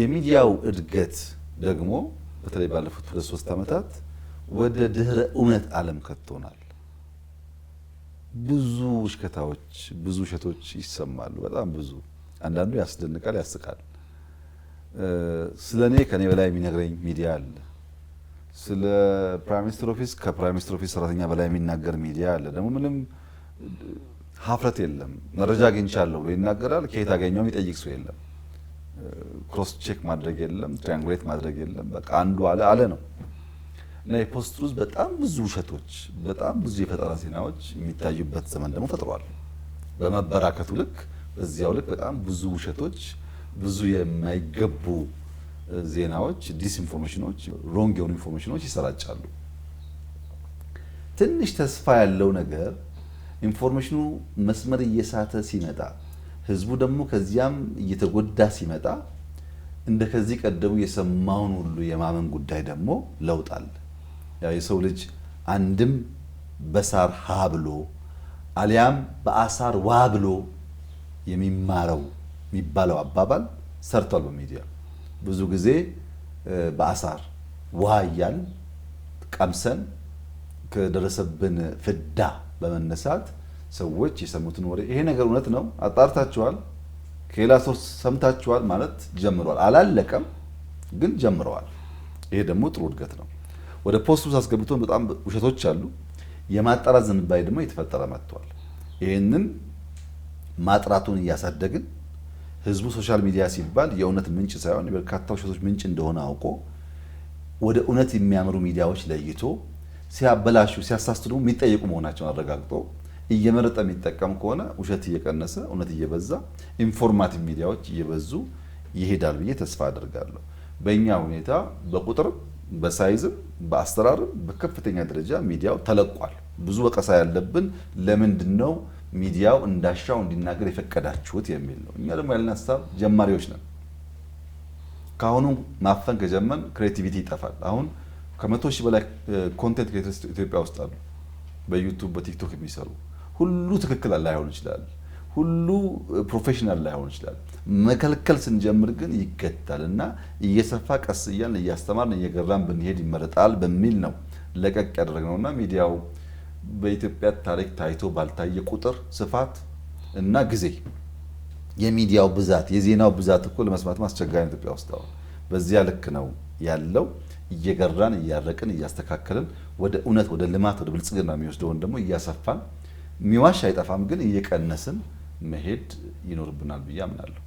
የሚዲያው እድገት ደግሞ በተለይ ባለፉት ሁለት ሶስት ዓመታት ወደ ድህረ እውነት ዓለም ከቶናል። ብዙ ውሽከታዎች፣ ብዙ ውሸቶች ይሰማሉ። በጣም ብዙ። አንዳንዱ ያስደንቃል፣ ያስቃል። ስለ እኔ ከኔ በላይ የሚነግረኝ ሚዲያ አለ። ስለ ፕራይም ሚኒስትር ኦፊስ ከፕራይም ሚኒስትር ኦፊስ ሰራተኛ በላይ የሚናገር ሚዲያ አለ። ደግሞ ምንም ሀፍረት የለም። መረጃ አግኝቻለሁ ይናገራል። ከየት አገኘውም ይጠይቅ ሰው የለም። ክሮስ ቼክ ማድረግ የለም ትሪያንጉሌት ማድረግ የለም። በቃ አንዱ አለ አለ ነው እና የፖስት በጣም ብዙ ውሸቶች፣ በጣም ብዙ የፈጠራ ዜናዎች የሚታዩበት ዘመን ደግሞ ፈጥሯል። በመበራከቱ ልክ በዚያው ልክ በጣም ብዙ ውሸቶች፣ ብዙ የማይገቡ ዜናዎች፣ ዲስኢንፎርሜሽኖች፣ ሮንግ የሆኑ ኢንፎርሜሽኖች ይሰራጫሉ። ትንሽ ተስፋ ያለው ነገር ኢንፎርሜሽኑ መስመር እየሳተ ሲመጣ ህዝቡ ደግሞ ከዚያም እየተጎዳ ሲመጣ እንደ ከዚህ ቀደሙ የሰማውን ሁሉ የማመን ጉዳይ ደግሞ ለውጣል። ያው የሰው ልጅ አንድም በሳር ሀ ብሎ አሊያም በአሳር ዋ ብሎ የሚማረው የሚባለው አባባል ሰርቷል። በሚዲያ ብዙ ጊዜ በአሳር ዋ እያል ቀምሰን ከደረሰብን ፍዳ በመነሳት ሰዎች የሰሙትን ወሬ ይሄ ነገር እውነት ነው አጣርታችኋል፣ ከሌላ ሰው ሰምታችኋል ማለት ጀምረዋል። አላለቀም፣ ግን ጀምረዋል። ይሄ ደግሞ ጥሩ እድገት ነው። ወደ ፖስቱ አስገብቶ በጣም ውሸቶች አሉ። የማጣራት ዝንባሌ ደግሞ የተፈጠረ መጥቷል። ይህንን ማጥራቱን እያሳደግን ህዝቡ ሶሻል ሚዲያ ሲባል የእውነት ምንጭ ሳይሆን የበርካታ ውሸቶች ምንጭ እንደሆነ አውቆ ወደ እውነት የሚያምሩ ሚዲያዎች ለይቶ ሲያበላሹ፣ ሲያሳስቱ ደግሞ የሚጠየቁ መሆናቸውን አረጋግጦ እየመረጠ የሚጠቀም ከሆነ ውሸት እየቀነሰ እውነት እየበዛ ኢንፎርማቲቭ ሚዲያዎች እየበዙ ይሄዳል ብዬ ተስፋ አድርጋለሁ። በእኛ ሁኔታ በቁጥርም በሳይዝም በአሰራርም በከፍተኛ ደረጃ ሚዲያው ተለቋል። ብዙ ወቀሳ ያለብን ለምንድን ነው ሚዲያው እንዳሻው እንዲናገር የፈቀዳችሁት የሚል ነው። እኛ ደግሞ ያለን ሀሳብ ጀማሪዎች ነን። ከአሁኑ ማፈን ከጀመን ክሬቲቪቲ ይጠፋል። አሁን ከመቶ ሺህ በላይ ኮንቴንት ክሬተርስ ኢትዮጵያ ውስጥ አሉ፣ በዩቱብ በቲክቶክ የሚሰሩ ሁሉ ትክክል ላይሆን ይችላል። ሁሉ ፕሮፌሽናል ላይሆን ይችላል። መከልከል ስንጀምር ግን ይገታል እና እየሰፋ ቀስ እያልን እያስተማርን እየገራን ብንሄድ ይመረጣል በሚል ነው ለቀቅ ያደረግነው እና ሚዲያው በኢትዮጵያ ታሪክ ታይቶ ባልታየ ቁጥር ስፋት እና ጊዜ የሚዲያው ብዛት የዜናው ብዛት እኮ ለመስማት አስቸጋሪ ኢትዮጵያ ውስጥ አሁን። በዚያ ልክ ነው ያለው። እየገራን እያረቅን እያስተካከልን ወደ እውነት ወደ ልማት ወደ ብልጽግና የሚወስደውን ደግሞ እያሰፋን የሚዋሽ አይጠፋም፣ ግን እየቀነስን መሄድ ይኖርብናል ብዬ አምናለሁ።